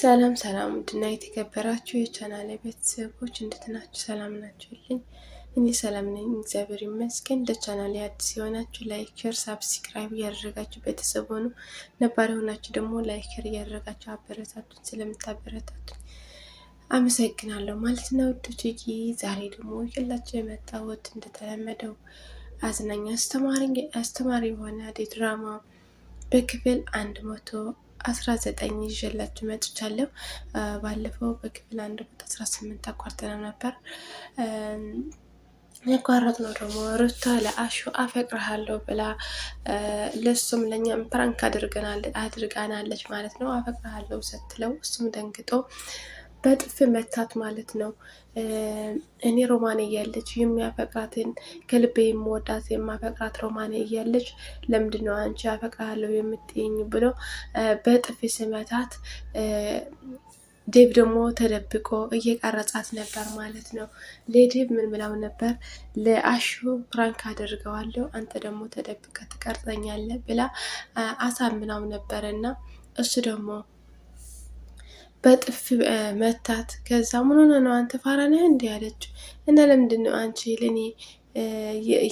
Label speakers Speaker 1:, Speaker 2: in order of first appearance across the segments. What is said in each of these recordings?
Speaker 1: ሰላም ሰላም፣ ውድና የተከበራችሁ የቻናል ቤተሰቦች እንዴት ናችሁ? ሰላም ናችሁልኝ? እኔ ሰላም ነኝ፣ እግዚአብሔር ይመስገን። ለቻናል አዲስ የሆናችሁ ላይክ፣ ሼር፣ ሳብስክራይብ እያደረጋችሁ ቤተሰብ ሆኑ። ነባር የሆናችሁ ደግሞ ላይክ፣ ሼር እያደረጋችሁ አበረታቱን። ስለምታበረታቱን አመሰግናለሁ ማለት ነው ውዶቼ። ዛሬ ደግሞ ይዤላችሁ የመጣሁት እንደተለመደው አዝናኝ አስተማሪ የሆነ ድራማ በክፍል አንድ መቶ አስራ ዘጠኝ ይዤላችሁ መጥቻለሁ። ባለፈው በክፍል አንድ ቁጥር አስራ ስምንት አቋርጠነው ነበር። ያቋረጥ ነው ደግሞ ሩታ ለአሹ አፈቅርሃለሁ ብላ ለሱም ለእኛም ፕራንክ አድርገናለች ማለት ነው። አፈቅርሃለሁ ስትለው እሱም ደንግጦ በጥፍ መታት ማለት ነው። እኔ ሮማን እያለች የሚያፈቅራትን ከልቤ የምወዳት የማፈቅራት ሮማን እያለች ለምንድን ነው አንቺ አፈቅራለሁ የምትይኝ ብሎ በጥፍ ስመታት ዴብ ደግሞ ተደብቆ እየቀረጻት ነበር ማለት ነው። ለዴብ ምን ምላው ነበር? ለአሹ ፕራንክ አደርገዋለሁ አንተ ደግሞ ተደብቀ ትቀርጸኛለህ ብላ አሳምናው ነበር እና እሱ ደግሞ በጥፍ መታት። ከዛ ምን ሆነ ነው አንተ ፋራ ነህ እንዲህ ያለችው እና ለምንድን ነው አንቺ ለእኔ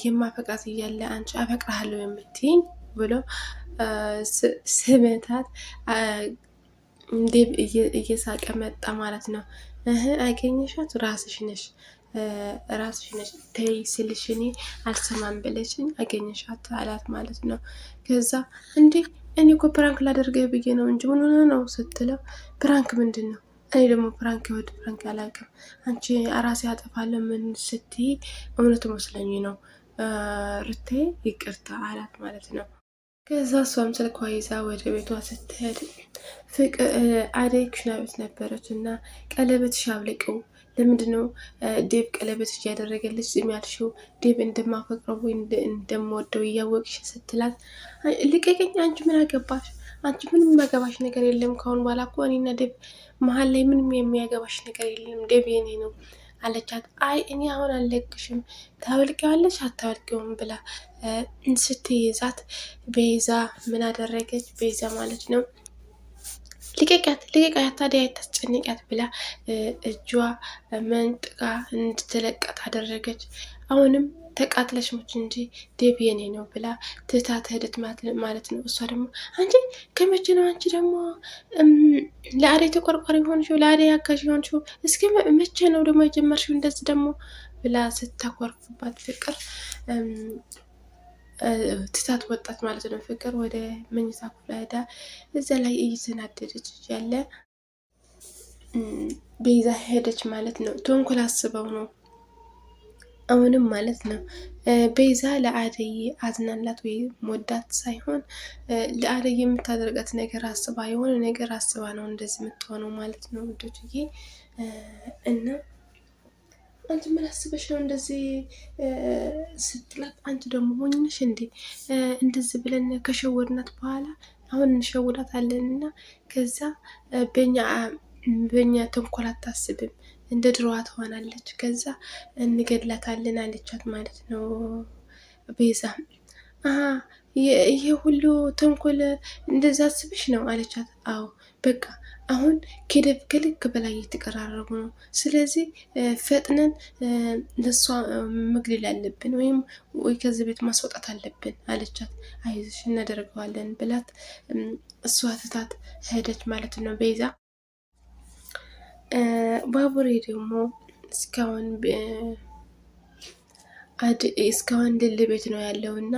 Speaker 1: የማፈቃት እያለ አንቺ አፈቅርሃለሁ የምትይኝ ብሎ ስመታት እንዴ እየሳቀ መጣ ማለት ነው። አገኘሻት ራስሽ ነሽ ራስሽ ነሽ ተይ ስልሽ እኔ አልሰማም ብለሽኝ አገኘሻት አላት ማለት ነው። ከዛ እንዴ እኔ እኮ ፕራንክ ላደርገ ብዬ ነው እንጂ ምን ሆነ ነው ስትለው፣ ፕራንክ ምንድን ነው? እኔ ደግሞ ፕራንክ የወድ ፕራንክ አላውቅም። አንቺ አራሴ አጠፋለሁ ምን ስትይ እውነቱ መስለኝ ነው ርቴ ይቅርታ አላት ማለት ነው። ከዛ እሷም ስልኳ ይዛ ወደ ቤቷ ስትሄድ አደይ ኩሽና ቤት ነበረች እና ቀለበት ሻብልቀው ለምንድን ነው ዴብ ቀለበት እጅ ያደረገልሽ ዝም ያልሽው? ዴብ እንደማፈቅረው ወይ እንደምወደው እያወቅሽ ስትላት ልቀቀኝ፣ አንቺ ምን አገባሽ? አንቺ ምንም የሚያገባሽ ነገር የለም። ካሁን በኋላ እኮ እኔና ዴብ መሀል ላይ ምንም የሚያገባሽ ነገር የለም። ዴብ የኔ ነው አለቻት። አይ እኔ አሁን አልለቅሽም፣ ታወልቂዋለሽ አታወልቂውም ብላ ስትይዛት ቤዛ ምን አደረገች? ቤዛ ማለት ነው ልቀቂያት ልቀቂያት፣ ታዲያ የታስጨንቂያት ብላ እጇ መንጥቃ እንድትለቀት አደረገች። አሁንም ተቃጥለሽ ሞች እንጂ ዴቭ የኔ ነው ብላ ትታ ሄደች ማለት ነው። እሷ ደግሞ አንቺ ከመቼ ነው አንቺ ደግሞ ለአደይ ተቆርቋሪ የሆንሽው ለአደይ አጋዥ የሆንሽው እስከ መቼ ነው ደግሞ የጀመርሽው እንደዚህ ደግሞ ብላ ስታኮርፍባት ፍቅር ትታት ወጣት ማለት ነው። ፍቅር ወደ መኝታ ክፍል ሄዳ እዛ ላይ እየተናደደች እያለ ቤዛ ሄደች ማለት ነው። ተንኮል አስበው ነው አሁንም ማለት ነው። ቤዛ ለአደይ አዝናላት ወይም ወዳት ሳይሆን ለአደይ የምታደርጋት ነገር አስባ የሆነ ነገር አስባ ነው እንደዚህ የምትሆነው ማለት ነው። ውዶችዬ እና አንቺ ምን አስበሽ ነው እንደዚህ ስትላት፣ አንቺ ደግሞ ሆኝነሽ እንዴ እንደዚህ ብለን ከሸወድናት በኋላ አሁን እንሸውዳታለን እና ከዛ በኛ ተንኮል አታስብም እንደ ድሮዋ ትሆናለች፣ ከዛ እንገድላታለን አለቻት ማለት ነው ቤዛ። ይሄ ሁሉ ተንኮል እንደዛ አስብሽ ነው አለቻት። አዎ በቃ አሁን ከደብ ከልክ በላይ እየተቀራረቡ ነው። ስለዚህ ፈጥነን ለሷ መግደል አለብን ወይም ወይ ከዚህ ቤት ማስወጣት አለብን አለቻት። አይዞሽ እናደርገዋለን ብላት እሷ ትታት ሄደች ማለት ነው ቤዛ። ባቡሬ ደግሞ እስካሁን እስካሁን ልል ቤት ነው ያለው እና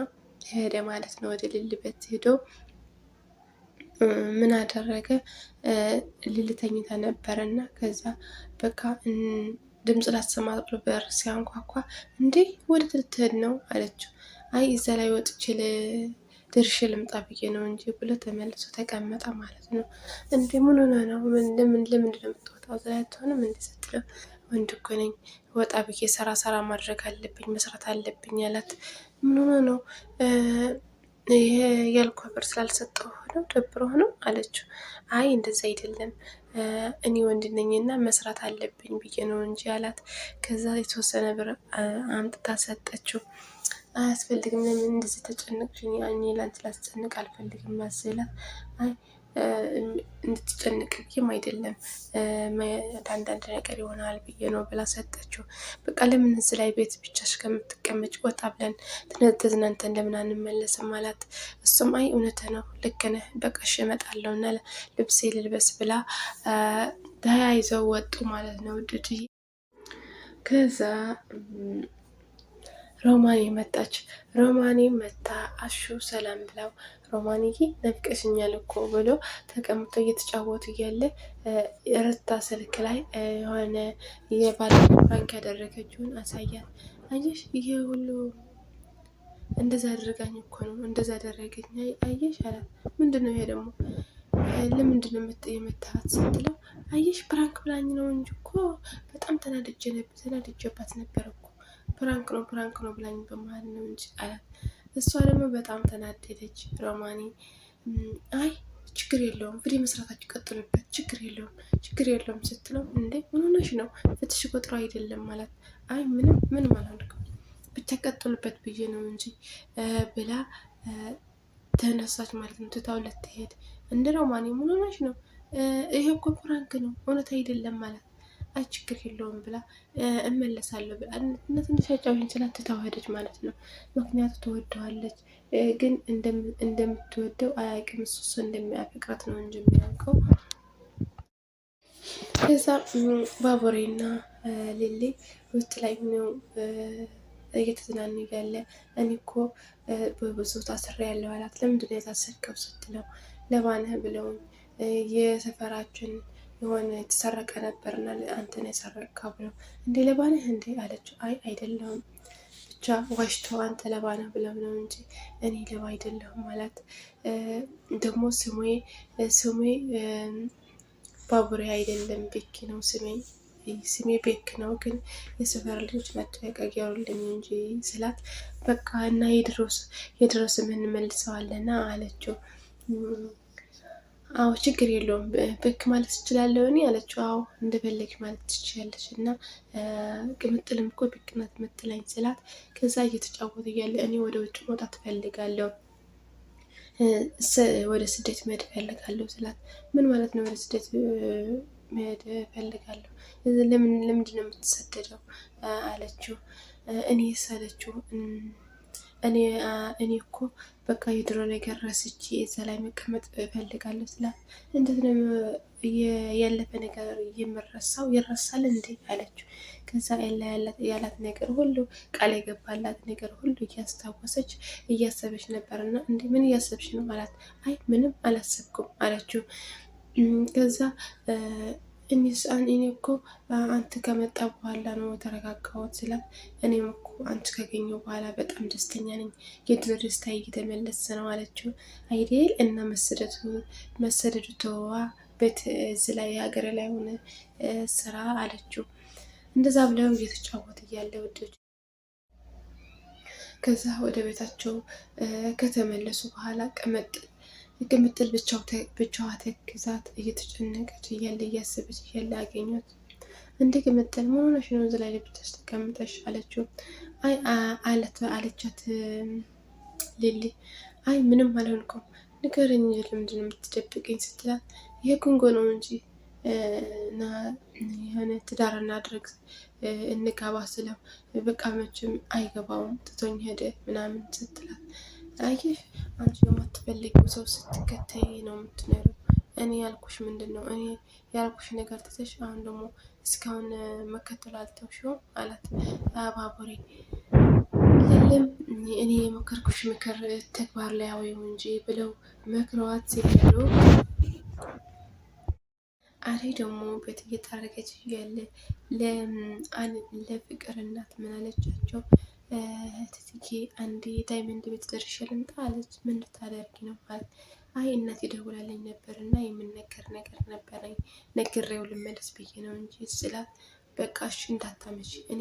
Speaker 1: ሄደ ማለት ነው ወደ ልል ቤት ሄዶ ምን አደረገ ልልተኝታ ነበረ እና ከዛ በቃ ድምፅ ላሰማ ብሎ በር ሲያንኳኳ እንዴ ወደ ትልትህድ ነው አለችው። አይ እዛ ላይ ወጥችል ድርሽ ልምጣ ብዬ ነው እንጂ ብሎ ተመልሶ ተቀመጠ ማለት ነው። እንዴ ምን ሆነ ነው ለምን ለምንድን ነው የምትወጣው? ዘላትሆንም እንዲ ስትለው ወንድ እኮ ነኝ ወጣ ብዬ ሰራ ሰራ ማድረግ አለብኝ መስራት አለብኝ አላት። ምን ሆነ ነው ይሄ ያልኩ ብር ስላልሰጠው ነው ደብሮ ነው አለችው። አይ እንደዚ አይደለም እኔ ወንድ እና መስራት አለብኝ ብዬ ነው እንጂ አላት። ከዛ የተወሰነ ብር አምጥታ ሰጠችው። አያስፈልግም፣ ለምን እንደዚህ ተጨነቅሽ? እኔ ላንቺ ላስጨንቅ አልፈልግም ስላት አይ እንድትጨንቅ ብዬም አይደለም አንዳንድ ነገር ይሆናል ብዬ ነው ብላ ሰጠችው። በቃ ለምን እዚህ ላይ ቤት ብቻሽ ከምትቀመጭ ወጣ ብለን ተዝናንተን ለምን አንመለስም አላት። እሱም አይ እውነት ነው ልክ ነህ፣ በቃ እሺ እመጣለሁ እና ልብሴ ልልበስ ብላ ተያይዘው ወጡ ማለት ነው ድድ ከዛ ሮማኔ መጣች። ሮማኔ መታ አሹ ሰላም ብላው ሮማኔዬ ነፍቀሽኛል እኮ ብሎ ተቀምጦ እየተጫወቱ እያለ ርታ ስልክ ላይ የሆነ የባለ ባንክ ያደረገችውን አሳያት። አየሽ ይሄ ሁሉ እንደዛ አደረጋኝ እኮ ነው እንደዛ አደረገኝ አየሽ አላት። ምንድን ነው ይሄ ደግሞ ለምንድን ነው የመታት ስትለው አየሽ ፕራንክ ብላኝ ነው እንጂ እኮ በጣም ተናድጄ ተናድጄባት ነበረው? ፕራንክ ነው ፕራንክ ነው ብላኝ በመሀል ነው እንጂ አላት። እሷ ደግሞ በጣም ተናደደች። ሮማኔ አይ ችግር የለውም ፍሪ መስራታችሁ ቀጥሉበት፣ ችግር የለውም ችግር የለውም ስትለው እንዴ ምን ሆነሽ ነው? ፍትሽ ቆጥሮ አይደለም ማለት አይ ምንም ምንም አላልኩም ብቻ ቀጥሉበት ብዬ ነው እንጂ ብላ ተነሳች ማለት ነው። ትታው ልትሄድ እንደ ሮማኔ ምን ሆነሽ ነው? ይሄ እኮ ፕራንክ ነው እውነት አይደለም ማለት አይ ችግር የለውም ብላ እመለሳለሁ ብላ ትንሽ አጫውሽኝ ስላት ተዋህደች ማለት ነው። ምክንያቱ ትወደዋለች፣ ግን እንደምትወደው አያውቅም። እሱ እሱ እንደሚያፈቅራት ነው እንጂ የሚያውቀው። ከዛ ባቡሬና ሌሌ ውስጥ ላይ ነው እየተዝናኑ ያለ እኔ እኮ በብዙ ታስሬ ያለው አላት። ለምንድን ነው የታሰርከው ስትለው ለማንህ ብለውኝ የሰፈራችን የሆነ የተሰረቀ ነበርና አንተን የሰረቅካ ብለው እንዴ ለባነህ እንዴ አለችው። አይ አይደለሁም ብቻ ዋሽቶ አንተ ለባነህ ብለው ነው እንጂ እኔ ለባ አይደለሁም ማለት ደግሞ ስሜ ስሜ ባቡሬ አይደለም ቤኪ ነው ስሜኝ ስሜ ቤክ ነው ግን የሰፈር ልጆች መጠያቀቂያ ያሉልኝ እንጂ ስላት፣ በቃ እና የድሮስ የድሮስ የምንመልሰዋለና አለችው። አዎ ችግር የለውም ብክ ማለት ትችላለሁ እኔ አለችው። አዎ እንደፈለግሽ ማለት ትችላለች እና ቅምጥልም እኮ ብክ ናት ምትለኝ ስላት፣ ከዛ እየተጫወቱ እያለ እኔ ወደ ውጭ መውጣት እፈልጋለሁ ወደ ስደት መሄድ እፈልጋለሁ ስላት፣ ምን ማለት ነው ወደ ስደት መሄድ እፈልጋለሁ? ለምንድን ነው የምትሰደደው አለችው። እኔ ሳለችው እኔ እኮ በቃ የድሮ ነገር ረስቼ እዛ ላይ መቀመጥ እፈልጋለሁ ስላት፣ እንዴት ነው ያለፈ ነገር የምረሳው? ይረሳል እንዴ አለችው። ከዛ ያላት ነገር ሁሉ ቃል የገባላት ነገር ሁሉ እያስታወሰች እያሰበች ነበርና፣ እንዴ ምን እያሰብሽ ነው አላት። አይ ምንም አላሰብኩም አለችው። ከዛ እኔ እኮ አንተ ከመጣ በኋላ ነው የተረጋጋሁት ስላት፣ እኔም እኮ አንቺ ካገኘሁ በኋላ በጣም ደስተኛ ነኝ፣ የድሮ ደስታ እየተመለሰ ነው አለችው። አይዴል እና መሰደዱ ተዋ ቤት እዚህ ላይ ሀገር ላይ ሆነ ስራ አለችው። እንደዛ ብለው እየተጫወት እያለ ወደች። ከዛ ወደ ቤታቸው ከተመለሱ በኋላ ቀመጥ ግምጥል ብቻዋ ተግዛት እየተጨነቀች እያለ እያሰበች እያለ አገኙት። እንደ ግምጥል ምን ሆነሽ ነው እዚህ ላይ ለብቻሽ ተቀምጠሽ? አለችው። አይ አለት አለቻት ሊሊ። አይ ምንም አልሆንኩም፣ ንገረኝ፣ ለምንድን ነው የምትደብቀኝ ስትላት ይሄ ጉንጎ ነው እንጂ እና የሆነ ትዳር እናድረግ እንጋባ ስለው በቃ መቼም አይገባውም ትቶኝ ሄደ ምናምን ስትላት አየህ አንቺ የማትፈልጊው ሰው ስትከተይ ነው የምትኖሪው። እኔ ያልኩሽ ምንድን ነው እኔ ያልኩሽ ነገር ትተሽ አሁን ደግሞ እስካሁን መከተል አልተውሽውም አላት አባቡሬ። የለም እኔ የመከርኩሽ ምክር ተግባር ላይ አወይ እንጂ ብለው መክረዋት ሲሉ አሬ ደግሞ ቤት እየጠረገች ለ? ለፍቅር እናት ምን አለቻቸው? ትትጌ አንድ ዳይመንድ ቤት ደርሼ ልምጣ አለች። ምን ልታደርጊ ነው ማለት አይ እናት ደውላለኝ ነበር እና የምነገር ነገር ነበረኝ ነግሬው ልመለስ ብዬ ነው እንጂ ስላት በቃ እሺ እንዳታመች፣ እኔ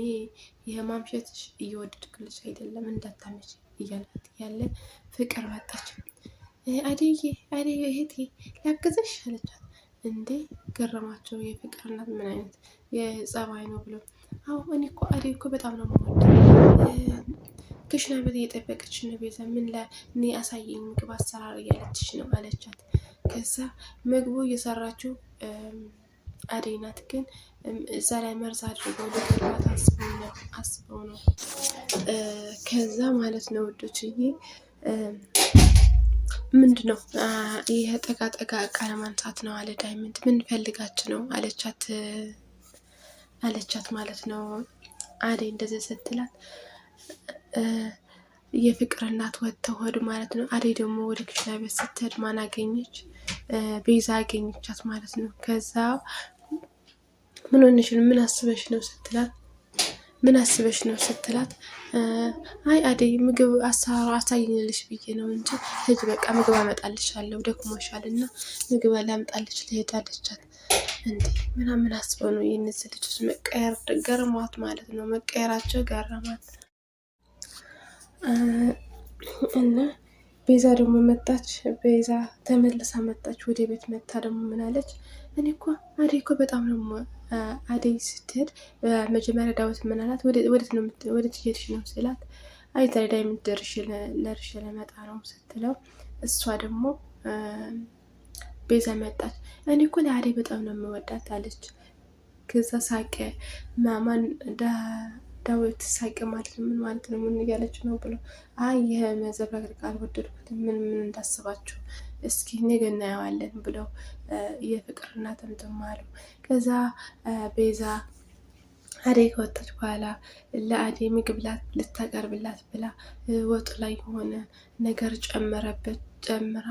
Speaker 1: የማምሸትሽ እየወደድኩልሽ አይደለም እንዳታመች እያልኩት ያለ ፍቅር መጣች። አደዬ አደዬ እህቴ ላግዝሽ አለቻት። እንዴ ገረማቸው የፍቅር እናት ምን አይነት የጸባይ ነው ብሎ አሁ እኔ እኮ አደይ እኮ በጣም ነው የምወደው ክሽና ቤት እየጠበቀች ነው ቤዛ። ምን ላ አሳየኝ ምግብ አሰራር እያለችሽ ነው አለቻት። ከዛ ምግቡ እየሰራችው አደይ ናት። ግን እዛ ላይ መርዝ አድርገው ልትባት አስበው ነው። ከዛ ማለት ነው ውዶችዬ ምንድ ነው ይህ ጠቃጠቃ ቃለማንሳት ነው አለ ዳይመንድ። ምን ፈልጋች ነው አለቻት አለቻት ማለት ነው አደይ እንደዚህ ስትላት የፍቅር እናት ወጥተው ሆድ ማለት ነው። አደይ ደግሞ ወደ ክሽና ቤት ስትሄድ ማን አገኘች? ቤዛ አገኘቻት ማለት ነው። ከዛ ምን ሆንሽን? ምን አስበሽ ነው ስትላት ምን አስበሽ ነው ስትላት፣ አይ አደይ ምግብ አሰራሩ አሳይኝልሽ ብዬ ነው እንጂ ሂጂ በቃ ምግብ አመጣልሻለሁ ደክሞሻል እና ምግብ አላምጣልሽ ልሄድ እንዴ ምናምን አስበው ነው የነዚህ ልጆች መቀየር ገረማት ማለት ነው። መቀየራቸው ገረማት። እና ቤዛ ደግሞ መጣች። ቤዛ ተመልሳ መጣች፣ ወደ ቤት መታ ደግሞ ምናለች? እኔ እኮ አደይ እኮ በጣም ነው አደይ ስትሄድ መጀመሪያ ዳዊት ምናላት? ወደ ትሄድሽ ነው ስላት፣ አይ ዛሬ ዳይመንድ ደርሼ ለመጣ ነው ስትለው፣ እሷ ደግሞ ቤዛ መጣች። እኔ እኮ ለአደይ በጣም ነው የምወዳት አለች። ከዛ ሳቀ ማማን ዳዊት ሳይቅ ማለት ምን ማለት ነው? ምን እያለች ነው ብሎ አይ ይህ መዘብራቅ አልወደድኩትም፣ ምን ምን እንዳስባችሁ እስኪ ነገ እናየዋለን ብለው የፍቅር እናትም አሉ። ከዛ ቤዛ አደይ ከወጣች በኋላ ለአደይ ምግብ ልታቀርብላት ብላ ወጡ ላይ የሆነ ነገር ጨመረበት። ጨምራ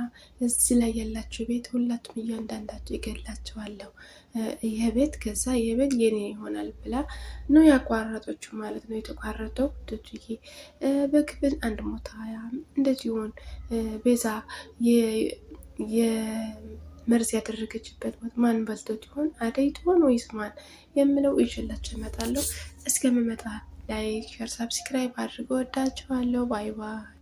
Speaker 1: እዚህ ላይ ያላችሁ ቤት ሁላችሁም እያንዳንዳችሁ ይገላችኋለሁ፣ ይህ ቤት ከዛ ይህ ቤት የኔ ይሆናል ብላ ነው ያቋረጠችው ማለት ነው። የተቋረጠው ድጅዬ በክፍል አንድ ሞታ ያ እንደዚሁን ቤዛ መርዝ ያደረገችበት ሞት ማን በልቶት ይሆን? አደይ ትሆን ወይስ ማን የምለው ይችላቸው እመጣለሁ። እስከምመጣ ላይ ሸር፣ ሳብስክራይብ አድርጎ ወዳችኋለሁ። ባይ ባይ።